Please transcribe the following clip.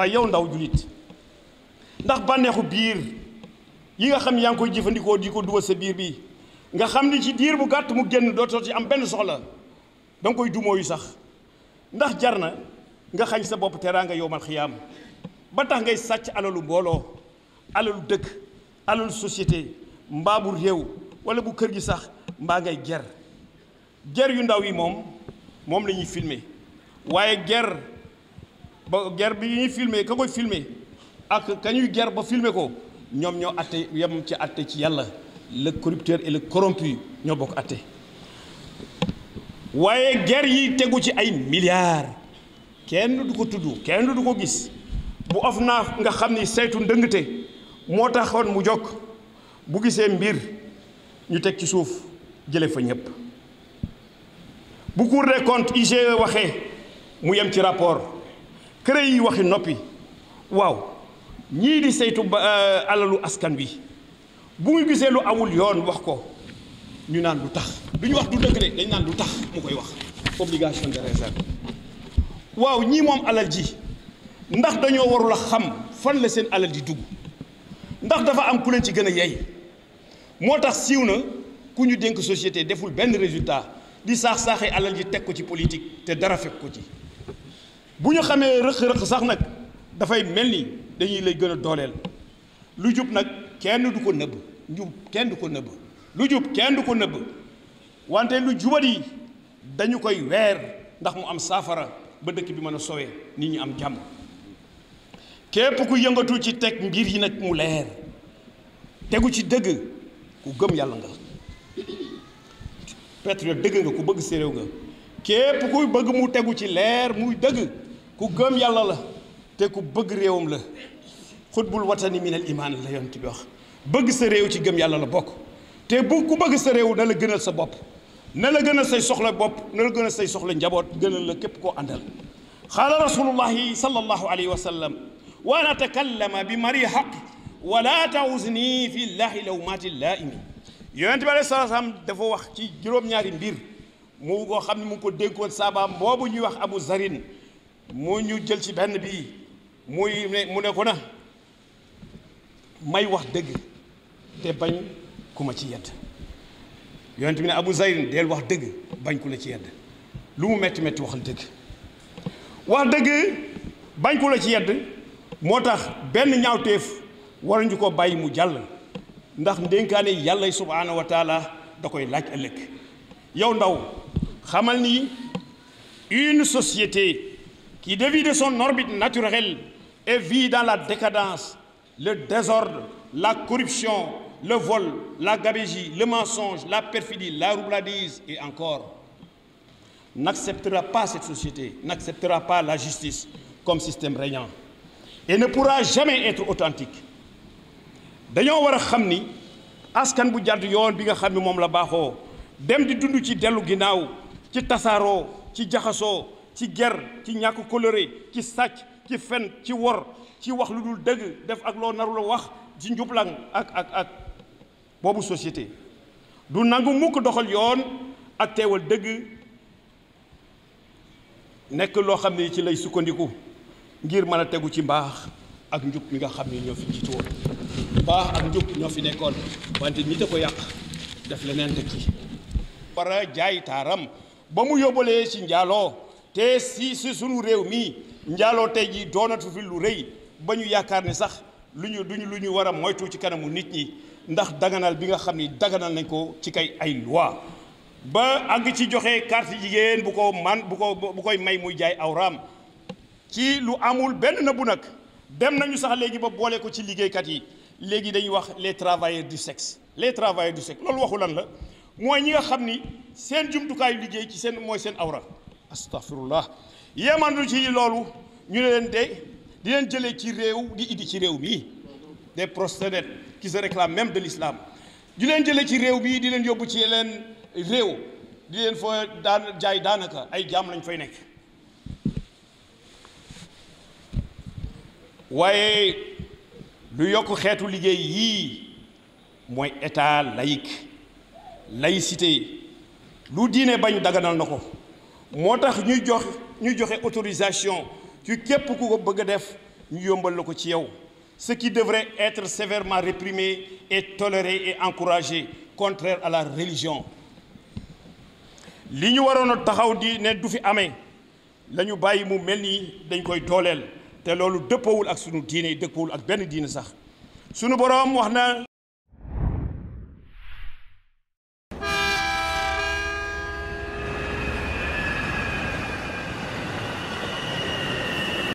waaye yow ndaw julit ndax bànneexu biir yi nga xam yaa ngi koy jëfandikoo di ko dugal sa biir bi nga xam ni ci diir bu gàtt mu génn dootoo ci am benn soxla danga koy dumoo yu sax ndax jar na nga xañ sa bopp teraanga yowmal xiyaam ba tax ngay sàcc alalu mbooloo alalu dëkk alalu société mbaa bu réew wala bu kër gi sax mbaa ngay ger ger yu ndaw yi moom moom lañuy ñuy waaye ger ba ger bi ñuy filmer ka koy filmer ak ka ñuy ger ba filmer ko ñoom ñoo atte yem ci atte ci yàlla le corrupteur et le corrompu ñoo bokk atte waaye ger yi tegu ci ay milliards kenn du ko tudd kenn du ko gis bu of naa nga xam ni saytu ndëngte moo taxoon mu jokk bu gisee mbir ñu teg ci suuf jële fa ñépp bu Cour des comptes IGE waxee mu yem ci rapport kër yi waxi noppi waaw ñii di saytu ba euh, alalu askan wi bu mu gisee lu amul yoon wax ko ñu naan lu tax du ñu wax du dëgg de dañ naan lu tax mu koy wax obligation de réserve waaw ñii moom alal ji ndax dañoo warul a xam fan la seen alal di dugg ndax dafa am ku leen ci gën a yey moo tax siiw na ku ñu dénk société deful benn résultat di saax saaxee alal ji teg ko ci politique te dara fekk ko ci bu ñu xamee rëq-rëq sax nag dafay mel ni dañuy lay gën a dooleel lu jub nag kenn du ko nëbb kenn du ko nëbb lu jub kenn du ko nëbb wante lu jubat yi dañu koy weer ndax mu am saafara ba dëkk bi mën a sowee nit ñi am jàmm képp ku yëngatu ci teg mbir yi nag mu leer tegu ci dëgg ku gëm yàlla nga patriote dëgg nga ku bëgg séréw nga képp kuy bëgg mu tegu ci leer muy dëgg ku gëm yàlla la te ku bëgg réewam la xutbul watani minal imaan la yonent bi wax bëgg sa réew ci gëm yàlla la bokk te bu ku bëgg sa réew na la gënal sa bopp na la gënal say soxla bopp na la gënal say soxla njaboot gënal la képp koo àndal xaala rasulullahi sallallahu alayhi wa sallam wala takallama bi mari xaq wala tausni fi llahi lawmaati laaimi yonent bi salaam dafa wax ci juróom-ñaari mbir mu koo xam ne mu ko dénkoon saabaam boobu ñuy wax abu zarin moo ñu jël ci benn bii muy ne mu ne ko na may wax dëgg te bañ ku ma ci yedd yonent bi ne abu zayrin deel wax dëgg bañ ku la ci yedd lu mu metti metti waxal dëgg wax dëgg bañ ku la ci yedd moo tax benn ñaawteef waruñu ko bàyyi mu jàll ndax ndénkaane yàlla subhaanahu wa taala da koy laaj ëllëg yow ndaw xamal ni une société qui dévie de son orbite naturelle et vit dans la décadence, le désordre, la corruption, le vol, la gabégie, le mensonge, la perfidie, la roubladise et encore, n'acceptera pas cette société, n'acceptera pas la justice comme système régnant et ne pourra jamais être authentique. dañoo war a xam ni askan bu jàdd yoon bi nga xam ni moom la baaxoo dem di dund ci dellu ginnaaw ci tasaaroo ci jaxasoo ci ger ci ñàkk coloré ci sàcc ci fen ci wor ci wax lu dul dëgg def ak loo narul wax ci njublang ak ak ak boobu société du nangu mukk doxal yoon ak teewal dëgg nekk loo xam ne ci lay sukkandiku ngir mën a tegu ci mbaax ak njub mi nga xam ne ñoo fi jiitu woon mbaax ak njub ñoo fi nekkoon wante nit a ko yàq def leneen dëkk yi war a jaay taaram ba mu yóbbalee ci njaaloo te si si sunu réew mii njaaloo tey jii doonatu fi lu rëy ba ñu yaakaar ne sax lu ñu duñu lu ñu war a moytu ci kanamu nit ñi ndax daganal bi nga xam ni daganal nañ ko ci kay ay loi ba àgg ci joxe carte jigéen bu ko man bu ko bu koy may muy jaay awraam ci lu amul benn na bu nag dem nañu sax léegi ba boole ko ci liggéeykat yi léegi dañuy wax les travailleurs du sexe les travailleurs du sexe loolu waxu lan la mooy ñi nga xam ni seen jumtukaayu liggéey ci seen mooy seen awra astaghfirullah yemandu ci loolu ñu ne leen tey di leen jële ci réew di indi ci réew mii des proxénètes qui se réclament même de l'islam di leen jëlee ci réew mii di leen yóbbu ci leen réew di leen fa daan jaay daanaka ay jaam lañu fay nekk waaye lu yokk xeetu liggéey yii mooy état laïque laïcité lu diine bañ daganal na ko moo tax ñuy jox ñu joxe autorisation ci képp ku ko bëgg a def ñu yombal la ko ci yow ce qui devrait être sévèrement réprimé et toléré et encouragé contraire à la religion li ñu waroon a taxaw di ne du fi amee la bàyyi mu mel nii dañ koy tooleel te loolu dëppawul ak sunu diine dëppawul ak benn diine sax sunu boroom wax na